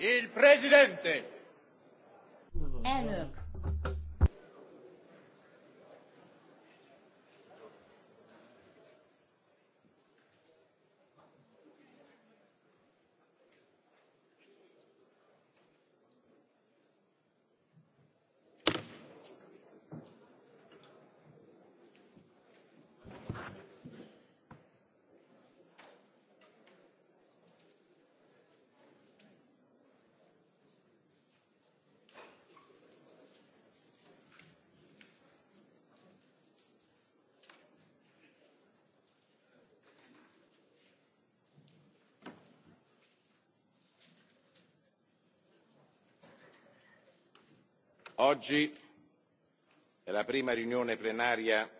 Il presidente. Elnök. oggi è la prima riunione plenaria